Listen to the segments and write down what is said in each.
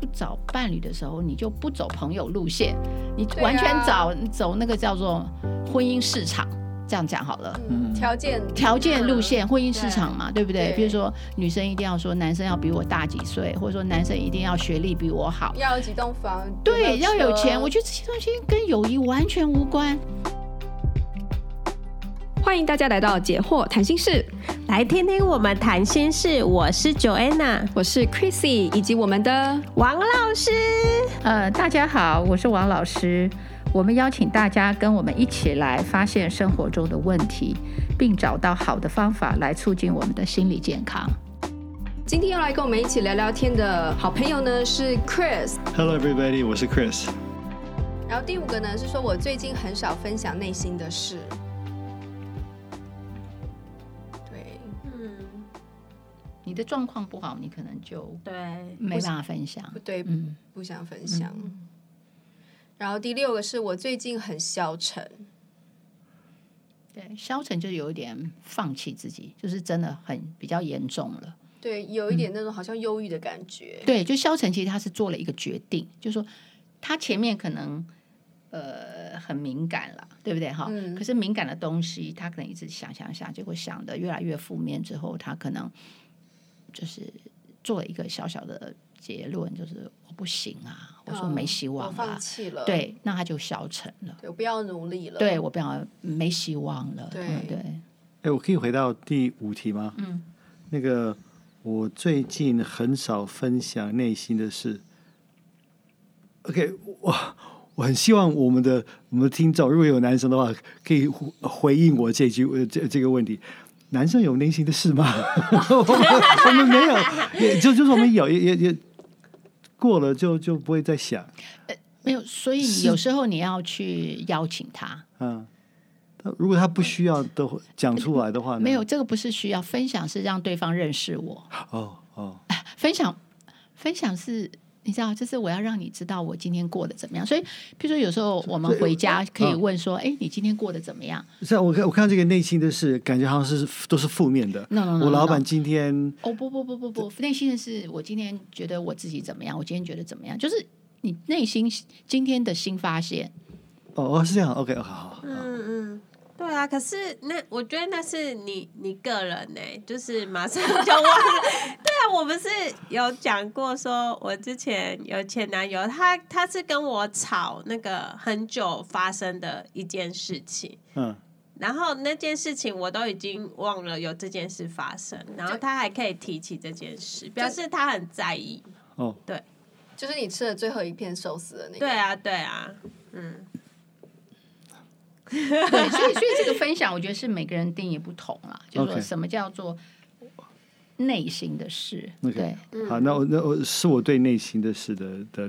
不找伴侶的時候，你就不走朋友路線，你完全找、啊、走那個叫做婚姻市場，這樣講好了。嗯，條件、嗯、條件路線，婚姻市場嘛，對、啊、對不對、對？比如說女生一定要說男生要比我大幾歲，或者說男生一定要學歷比我好，要有幾棟房，對，有沒有車，要有錢。我覺得這些東西跟友誼完全無關。歡迎大家來到解惑談心事，來聽聽我們談心事。我是 Joanna，我是 Chrissy，以及我們的王老師。呃，大家好，我是王老師。我們邀請大家跟我們一起來發現生活中的問題，並找到好的方法來促進我們的心理健康。今天要來跟我們一起聊聊天的好朋友呢，是 Chris。Hello everybody, 我是 Chris。然後第五個呢，是說我最近很少分享內心的事，你的狀況不好，你可能就對沒辦法分享對，對，不想分享。然後第六個是我最近很消沉，對，消沉就有一點放棄自己，就是真的很比較嚴重了。對，有一點那種好像憂鬱的感覺。嗯、對，就消沉，其實他是做了一個決定，就是、說他前面可能呃很敏感了，對不對？哈、嗯，可是敏感的東西，他可能一直想想想，結果想得越來越負面，之後他可能，就是做了一個小小的結論，就是我不行啊！嗯、我說沒希望了，啊，我放棄了，對，那他就消沉了，我不要努力了，對，我不要沒希望了，對、嗯、對。哎、欸，我可以回到第五題嗎？嗯，那個我最近很少分享內心的事。OK，我我很希望我們的我們的聽眾，如果有男生的話，可以回應我這句這、呃、這個問題。男生有內心的事嗎？ 我們沒有，也就就是我們有，也也也過了就就不會再想。呃。沒有，所以有時候你要去邀請他。嗯，如果他不需要的講出來的話呢？呃，沒有，這個不是需要分享，是讓對方認識我。哦哦。啊，分享分享是。你知道，就是我要讓你知道我今天過得怎麼樣。所以，譬如說有時候我們回家可以問說：“哎、嗯，你今天過得怎麼樣？”是啊，我看我看這個內心的是感覺好像是都是負面的。那、no, no, no, no, no. 我老板今天…… Oh, no, no, no. 哦，不不不不不，內心的是我今天覺得我自己怎麼樣？我今天覺得怎麼樣？就是你內心今天的新發現。哦哦，是這樣。OK，okay 好好好。嗯嗯。對啊，可是那我覺得那是你你個人呢、欸，就是馬上就忘了。 對啊，我們是有講過說，說我之前有前男友，他他是跟我吵那個很久發生的一件事情、嗯。然後那件事情我都已經忘了有這件事發生，然後他還可以提起這件事，表示他很在意。對、哦，就是你吃了最後一片壽司的那個。對啊，對啊，嗯。 對，所以所以這個分享，我覺得是每個人定義不同啦，啊。就是，說什麼叫做內心的事？Okay. 對，okay. 好，那我那我是我對內心的事的的對，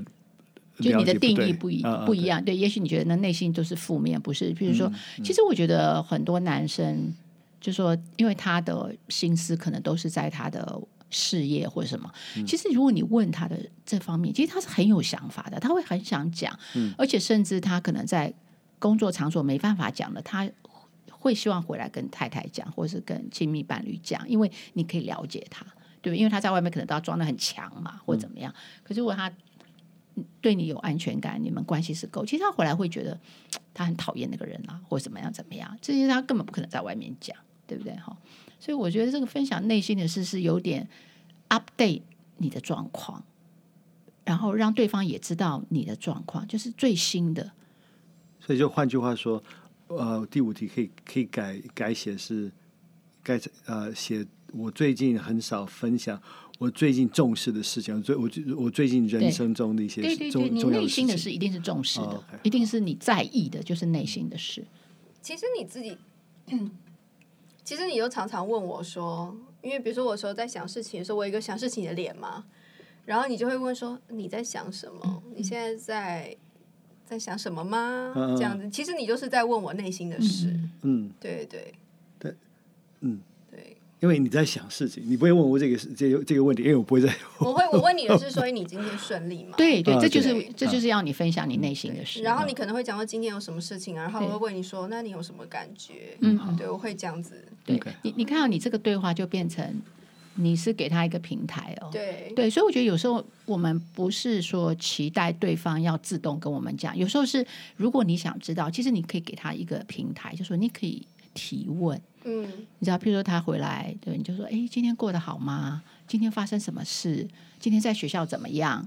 就你的定義不一不一樣啊啊對。對，也許你覺得那內心都是負面，不是？比如說，嗯、其實我覺得很多男生，嗯、就說，因為他的心思可能都是在他的事業或者什麼、嗯。其實如果你問他的這方面，其實他是很有想法的，他會很想講。嗯、而且甚至他可能在。工作場所沒辦法講的，他會希望回來跟太太講，或是跟親密伴侶講，因為你可以了解他，對不對？因為他在外面可能都要裝得很強嘛，或怎麼樣、嗯。可是如果他對你有安全感，你們關係是夠，其實他回來會覺得他很討厭那個人啦、啊，或怎麼樣怎麼樣，這些他根本不可能在外面講，對不對？哈，所以我覺得這個分享內心的事是有點 update 你的狀況，然後讓對方也知道你的狀況，就是最新的。所以就換句話說，呃，第五題可以可以改改寫是，改，呃寫我最近很少分享我最近重視的事情，最我最我，我最近人生中的一些重對對對重要的事情，你內心的事一定是重視的，oh, okay. 一定是你在意的，就是內心的事。其實你自己，其實你又常常問我說，因為比如說我說在想事情的時候，說我有一個想事情的臉嘛，然後你就會問說你在想什麼？你現在在？嗯在想什麼嗎？嗯嗯，這樣子，其實你就是在問我內心的事。嗯，嗯對對對，對，嗯，對，因為你在想事情，你不會問我這個事，這這個問題，因為我不會再。我會我問你的是，所以你今天順利嗎？對對對對，這就是這就是要你分享你內心的事。然後你可能會講到今天有什麼事情，然後我會問你說，那你有什麼感覺？嗯，對，我會這樣子。對，okay, 你你看到你這個對話就變成。你是給他一個平台哦，對，對對，所以我覺得有時候我們不是說期待對方要自動跟我們講，有時候是如果你想知道，其實你可以給他一個平台，就是說你可以提問，嗯，你知道，譬如說他回來，對你就說，哎，今天過得好嗎？今天發生什麼事？今天在學校怎麼樣？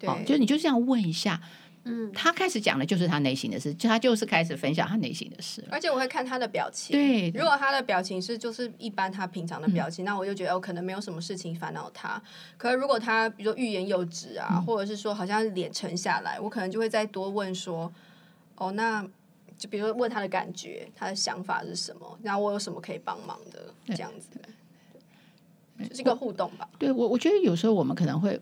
對，哦，就你就這樣問一下。嗯，他開始講的就是他內心的事，就他就是開始分享他內心的事。而且我會看他的表情對，對，如果他的表情是就是一般他平常的表情，嗯，那我就覺得我，哦，可能沒有什麼事情煩惱他。可是如果他比如說欲言又止啊，嗯，或者是說好像臉沉下來，我可能就會再多問說，哦，那就比如說問他的感覺，他的想法是什麼，那我有什麼可以幫忙的，這樣子，就是一個互動吧。我對我，我覺得有時候我們可能會。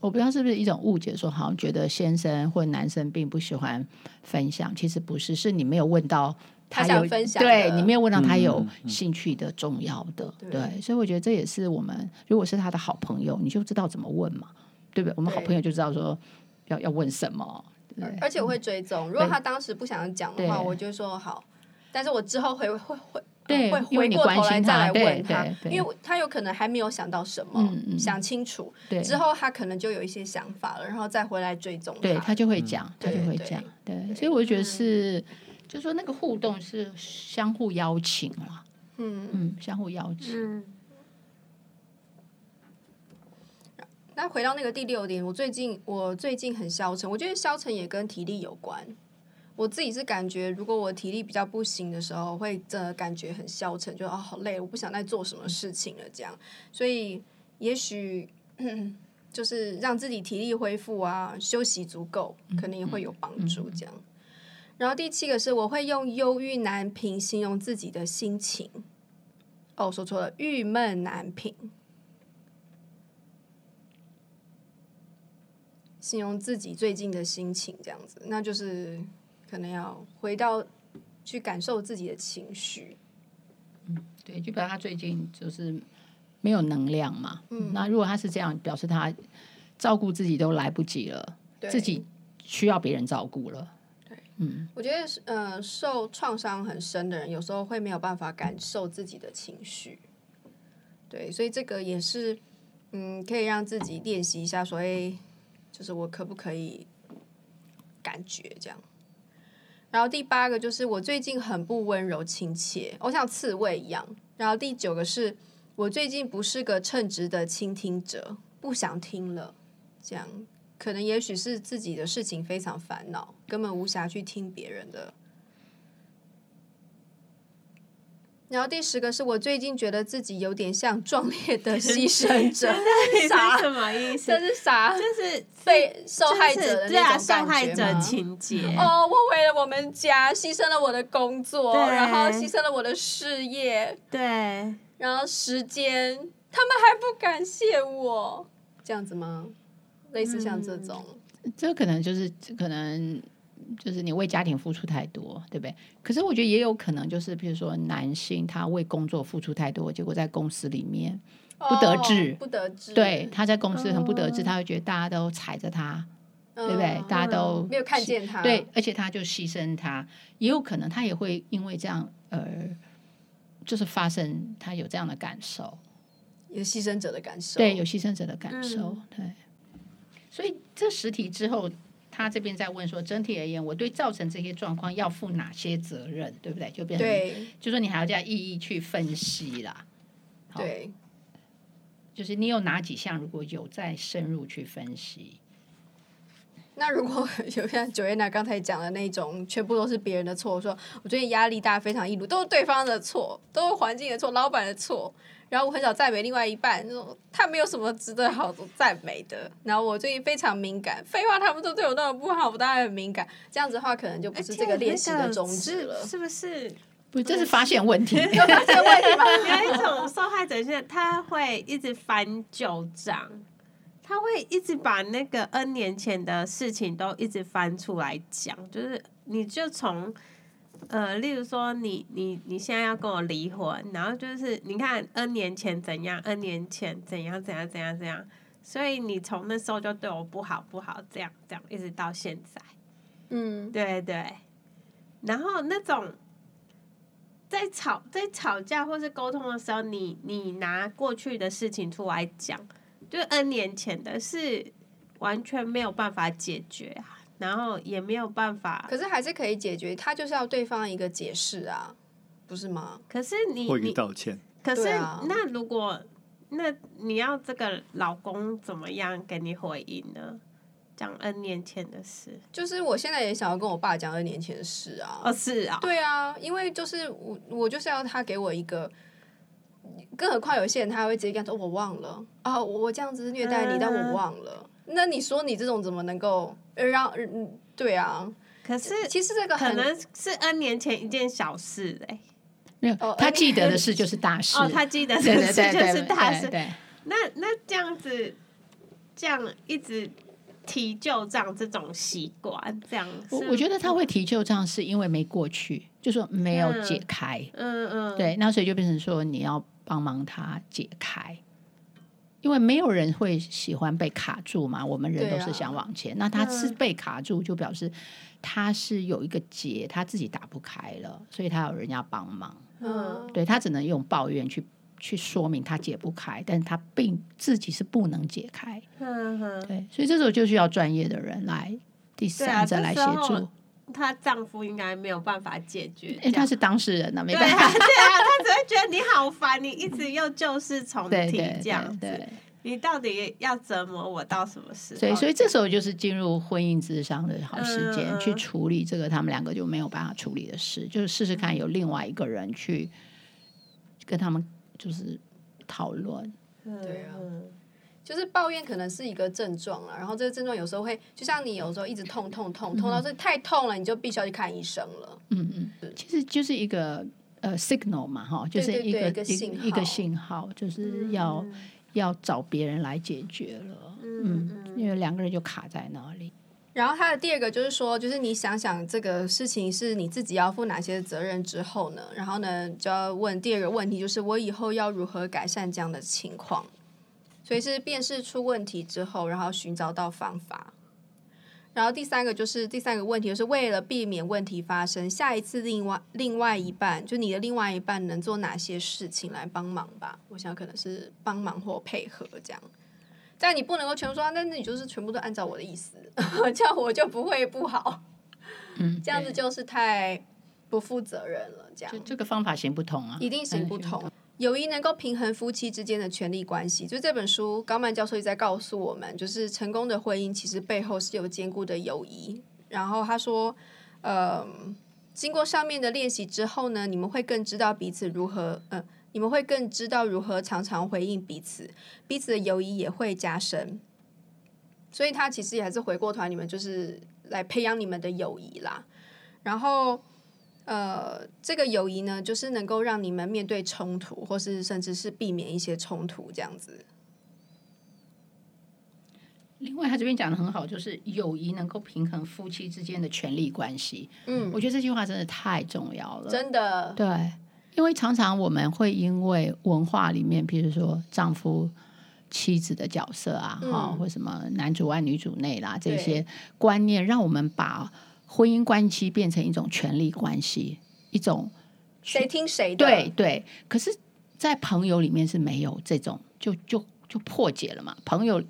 我不知道是不是一種誤解，說好像覺得先生或男生並不喜歡分享，其實不是，是你沒有問到他有他想分享的，對，你沒有問到他有興趣的、嗯、重要的對，對，所以我覺得這也是我們，如果是他的好朋友，你就知道怎麼問嘛，對不對？我們好朋友就知道說要要，要問什麼對，而且我會追蹤，如果他當時不想講的話，我就說好，但是我之後會會會。會對，會回過頭來再來問他，因為他有可能還沒有想到什麼，想清楚之後，他可能就有一些想法了，然後再回來追蹤他。對，他就會講，嗯、他就會講對對對。對，所以我覺得是，嗯、就是說那個互動是相互邀請了。嗯嗯，相互邀請。嗯。那回到那個第六點，我最近我最近很消沉，我覺得消沉也跟體力有關。我自己是感覺，如果我體力比較不行的時候，會真的感覺很消沉，就啊、哦、好累，我不想再做什麼事情了這樣。所以也許呵呵就是讓自己體力恢復啊，休息足夠，可能也會有幫助這樣。嗯嗯嗯、然後第七個是，我會用憂鬱難平形容自己的心情。哦，說錯了，鬱悶難平，形容自己最近的心情這樣子，那就是。可能要回到去感受自己的情緒，嗯，對，就比如他最近就是沒有能量嘛。嗯，那如果他是這樣，表示他照顧自己都來不及了，對，自己需要別人照顧了。對，嗯，我覺得是呃，受創傷很深的人，有時候會沒有辦法感受自己的情緒。對，所以這個也是，嗯，可以讓自己練習一下，所謂就是我可不可以感覺這樣。然後第八個就是我最近很不溫柔親切，我、哦、像刺蝟一樣。然後第九個是我最近不是個稱職的傾聽者，不想聽了，這樣可能也許是自己的事情非常煩惱，根本無暇去聽別人的。然後第十個是我最近覺得自己有點像壯烈的犧牲者， 這是啥傻？ 這是啥？這是被受害者的那對啊，受害者情節。哦，我為了我們家犧牲了我的工作，然後犧牲了我的事業，對。然後時間，他們還不感謝我，這樣子嗎？類似像這種，這、嗯、可能就是可能。就是你為家庭付出太多，對不對？可是我覺得也有可能，就是比如說男性他為工作付出太多，結果在公司裡面不得志，哦，不得志。對，他在公司很不得志，嗯，他會覺得大家都踩着他，對不對？嗯，大家都沒有看見他。對，而且他就犧牲他，也有可能他也會因為這樣而就是發生他有這樣的感受，有犧牲者的感受，對，有犧牲者的感受，嗯，對。所以這十題之後。他這邊在問說，整體而言，我對造成這些狀況要負哪些責任，對不對？就變成，對就說你還要這樣一一去分析啦。對，就是你有哪幾項？如果有再深入去分析。那如果有像 Joanna 剛才講的那種，全部都是別人的錯，說我最近壓力大，非常易怒，都是對方的錯，都是環境的錯，老闆的錯。然後我很少讚美另外一半，他沒有什麼值得好讚美的，然後我最近非常敏感，廢話他們都對我那麼不好，我當然很敏感。這樣子的話，可能就不是這個練習的宗旨了，那個、是，是不，是，不，是，不是？不，這是發現問題。有發現問題嗎？ 有一種受害者，就是他會一直翻舊賬，他會一直把那個 N 年前的事情都一直翻出來講，就是你就從。呃，例如說你，你你你現在要跟我離婚，然後就是你看 N 年前怎樣，N 年前怎樣怎樣怎樣怎樣，所以你從那時候就對我不好不好，這樣這樣一直到現在，嗯，對對,對。然後那種在吵在吵架或是溝通的時候，你你拿過去的事情出來講，就 N 年前的事，完全沒有辦法解決啊。然後也沒有辦法，可是還是可以解決，他就是要對方一個解釋啊，不是嗎？可是你，你回應道歉，可是、啊、那如果那你要這個老公怎麼樣給你回應呢？講 N 年前的事，就是我現在也想要跟我爸講 N 年前的事啊。哦，是啊，對啊，因為就是我我就是要他給我一個，更何況有些人他還會直接跟他說我忘了啊、哦，我這樣子虐待你，嗯、但我忘了。那你說你這種怎麼能夠讓，嗯，對啊，可是其實這個可能是 N 年前一件小事欸，沒有，哦，他記得的事就是大事。哦，他記得的事就是大事。對對對對那對對對那，那這樣子，這樣一直提舊賬這種習慣，這樣我我覺得他會提舊賬是因為沒過去，就說沒有解開。嗯嗯，嗯。對，那所以就變成說你要幫忙他解開。因為沒有人會喜歡被卡住嘛，我們人都是想往前。啊、那他是被卡住，就表示他是有一個結，嗯，他自己打不開了，所以他有人要幫忙。嗯，對他只能用抱怨去去說明他解不開，但是他並自己是不能解開，嗯嗯。對，所以這時候就需要專業的人來第三者來協助。她丈夫應該沒有辦法解決，因、欸、為他是當事人呢，沒辦法對、啊。對啊， 他只會覺得你好煩，你一直又舊事重提這樣子，對，對，對，對，你到底要折磨我到什麼時候？所以，所以這時候就是進入婚姻諮商的好時間、嗯，去處理這個他們兩個就沒有辦法處理的事，就是試試看有另外一個人去跟他們就是討論、嗯。對啊。就是抱怨可能是一個症狀了，然後這個症狀有時候會就像你有時候一直痛痛痛嗯嗯痛到這太痛了，你就必須要去看醫生了。嗯嗯，其實就是一個呃、uh, signal 嘛，哈，就是一個對對對一個信號一個，一個信號，就是要嗯嗯要找別人來解決了。嗯嗯，嗯，因為兩個人就卡在那裡。然後他的第二個就是說，就是你想想這個事情是你自己要負哪些責任之後呢？然後呢就要問第二個問題，就是我以後要如何改善這樣的情況？所以是辨識出問題之後，然後尋找到方法，然後第三個就是第三個問題就是為了避免問題發生，下一次另外另外一半就你的另外一半能做哪些事情來幫忙吧？我想可能是幫忙或配合這樣，但你不能夠全部說，那你就是全部都按照我的意思，呵呵這樣我就不會不好，嗯，這樣子就是太不負責任了，這樣這個方法行不通啊，一定行不通。嗯友誼能夠平衡夫妻之間的權力關係，就這本書，高曼教授也在告訴我們，就是成功的婚姻其實背後是有堅固的友誼。然後他說，呃，經過上面的練習之後呢，你們會更知道彼此如何，嗯、呃，你們會更知道如何常常回應彼此，彼此的友誼也會加深。所以他其實也還是回過頭，你們就是來培養你們的友誼啦，然後。呃，這個友誼呢，就是能夠讓你們面對衝突，或是甚至是避免一些衝突這樣子。另外，他這邊講的很好，就是友誼能夠平衡夫妻之間的權力關係。嗯，我覺得這句話真的太重要了，真的。對，因為常常我們會因為文化裡面，譬如說丈夫、妻子的角色啊，哈、嗯，或什麼男主外女主內啦這些觀念，讓我們把。婚姻關係變成一種權力關係，一種誰聽誰的？對對。可是，在朋友裡面是沒有這種，就就就破解了嘛？朋友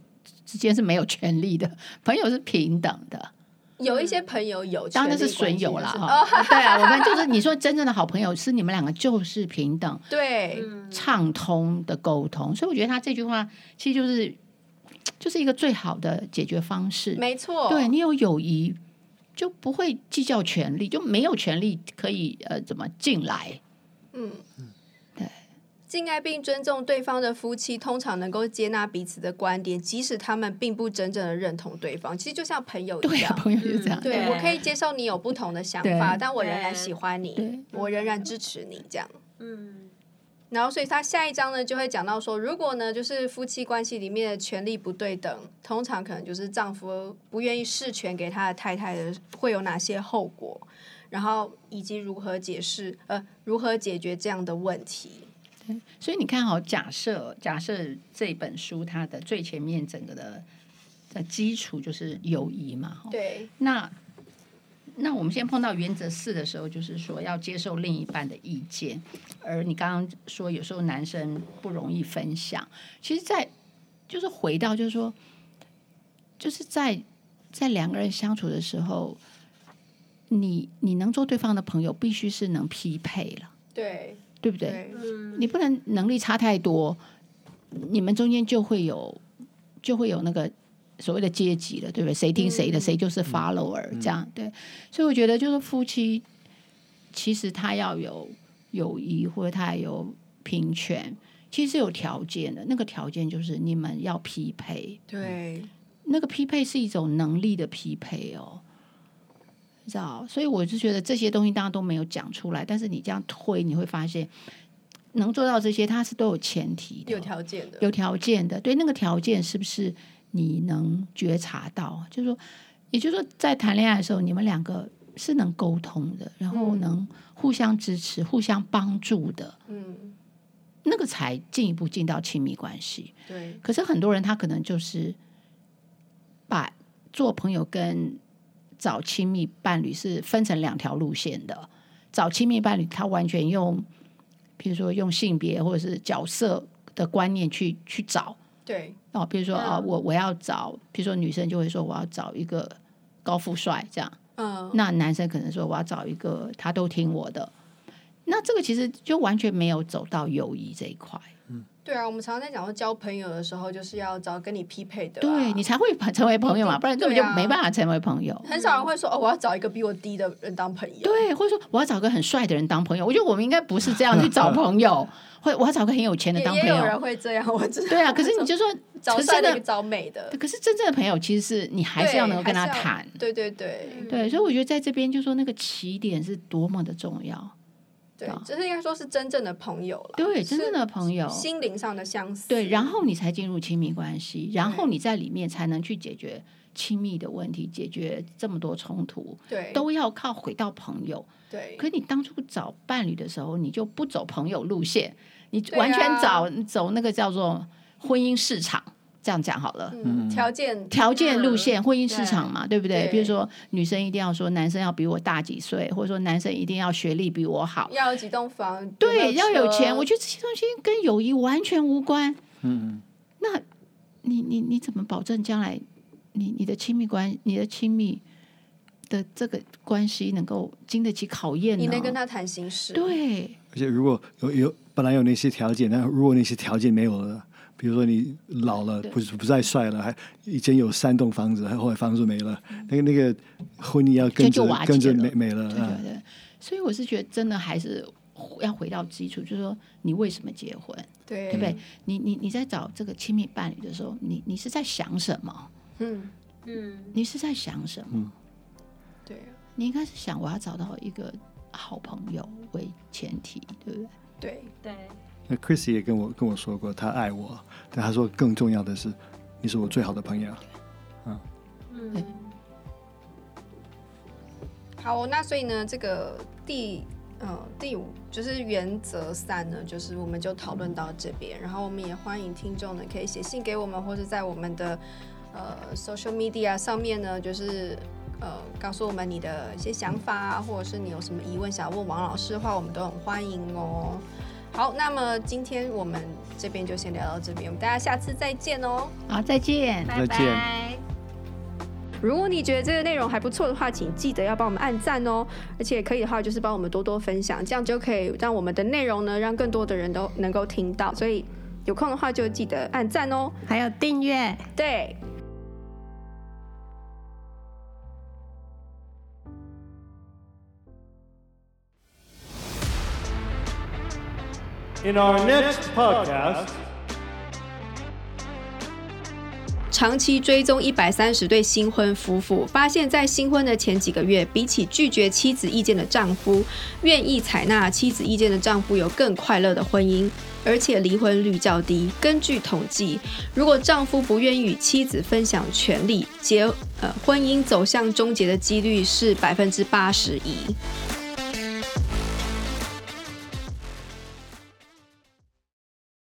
之間是沒有權力的，朋友是平等的。有一些朋友有、就是，當然那是損友了、就是哦、對啊，我們就是你說真正的好朋友是你們兩個就是平等，對，暢、嗯、通的溝通。所以我覺得他這句話其實就是，就是一個最好的解決方式。沒錯，對你有友誼。就不會計較權力，就沒有權力可以呃怎麼進來。嗯，對，敬愛並尊重對方的夫妻，通常能夠接納彼此的觀點，即使他們並不真正的認同對方。其實就像朋友一樣。對啊，朋友就這樣。嗯、對，對我可以接受你有不同的想法，但我仍然喜歡你，我仍然支持你這樣。嗯。然後，所以他下一章呢，就會講到說，如果呢，就是夫妻關係裡面的權力不對等，通常可能就是丈夫不願意釋權給他的太太的，會有哪些後果？然後以及如何解釋，呃，如何解決這樣的問題？對，所以你看，好，假設，假設這本書它的最前面整個的的基礎就是友誼嘛，對，那。那我們現在碰到原則四的時候，就是說要接受另一半的意見。而你剛剛說有時候男生不容易分享，其實在，在就是回到就是說，就是在在兩個人相處的時候，你你能做對方的朋友，必須是能匹配了，對對不對，對？你不能能力差太多，你們中間就會有就會有那個。所謂的階級了，對不對？誰聽誰的，嗯、誰就是 follower，嗯、這樣對。所以我覺得，就是夫妻其實他要有友誼，或者他有平權，其實是有條件的。那個條件就是你們要匹配，對。嗯、那個匹配是一種能力的匹配哦，你知道？所以我就覺得這些東西大家都沒有講出來，但是你這樣推，你會發現能做到這些，它是都有前提的，有條件的，有條件的。對，那個條件是不是？你能覺察到，就是說，也就是說，在談戀愛的時候，你們兩個是能溝通的，然後能互相支持、互相幫助的，嗯，那個才進一步進到親密關係。對。可是很多人他可能就是把做朋友跟找親密伴侶是分成兩條路線的。找親密伴侶，他完全用，譬如說用性別或者是角色的觀念去去找。對，哦，比如說啊，哦，我我要找，比如說女生就會說，我要找一個高富帥這樣，嗯，哦，那男生可能說，我要找一個他都聽我的，那這個其實就完全沒有走到友誼這一塊。對啊，我們常常在講說交朋友的時候，就是要找跟你匹配的、啊，對，你才會成為朋友嘛，不然根本就沒辦法成為朋友。啊、很少人會說哦，我要找一個比我低的人當朋友。對，或者說我要找個很帥的人當朋友。我覺得我們應該不是這樣 去找朋友，或我要找個很有錢的當朋友。有人會這樣對啊。可是你就說找，找帥的，找美的。可是真正的朋友其實是你還是要能夠跟他談。對對對對，所以我覺得在這邊就是說那個起點是多麼的重要。對，只是應該說是真正的朋友了。對，真正的朋友，心靈上的相似。對，然後你才進入親密關係，然後你在裡面才能去解決親密的問題，解決這麼多衝突。對，都要靠回到朋友。對。可你當初找伴侶的時候，你就不走朋友路線，你完全找、啊、走那個叫做婚姻市場。這樣講好了，嗯、條件條件路線婚姻市場嘛，對，對不對，對？比如說女生一定要說男生要比我大幾歲，或者說男生一定要學歷比我好，要有幾棟房，對，要有，要有錢。我覺得這些東西跟友誼完全無關。嗯，那你你你怎麼保證將來你你的親密關，你的親密的這個關係能夠經得起考驗呢？你能跟他談心事，對。而且如果有有本來有那些條件，那如果那些條件沒有了。比如說你老了，不是不再帥了，還已經有三棟房子，還後來房子沒了，嗯、那個那個婚姻要跟着跟着沒沒了。對對，對，對、嗯。所以我是覺得，真的還是要回到基礎，就是說你為什麼結婚？對，對不對？你你你在找這個親密伴侶的時候，你你是在想什麼？嗯嗯，你是在想什麼、嗯？對，你應該是想我要找到一個好朋友為前提，對不對？對對。那 Chrissy 也跟我跟我說過，他愛我。但他說更重要的是，你是我最好的朋友。嗯，嗯。好，那所以呢，這個第呃第五就是原則三呢，就是我們就討論到這邊。然後我們也歡迎聽眾呢，可以寫信給我們，或者在我們的呃 social media 上面呢，就是呃告訴我們你的一些想法，或者是你有什麼疑問想要問王老師的話，我們都很歡迎哦。好，那麼今天我們這邊就先聊到這邊，我們大家下次再見哦。好，再見拜拜，再見。如果你覺得這個內容還不錯的話，請記得要幫我們按讚哦，而且可以的話就是幫我們多多分享，這樣就可以讓我們的內容呢，讓更多的人都能夠聽到。所以有空的話就記得按讚哦，還有訂閱，對。In our next podcast, 長期追蹤一百三十對新婚夫婦，發現在新婚的前幾個月，比起拒絕妻子意見的丈夫，願意採納妻子意見的丈夫有更快樂的婚姻，而且離婚率較低。根據統計，如果丈夫不願意與妻子分享權力，結、呃、婚姻走向終結的幾率是百分之八十一。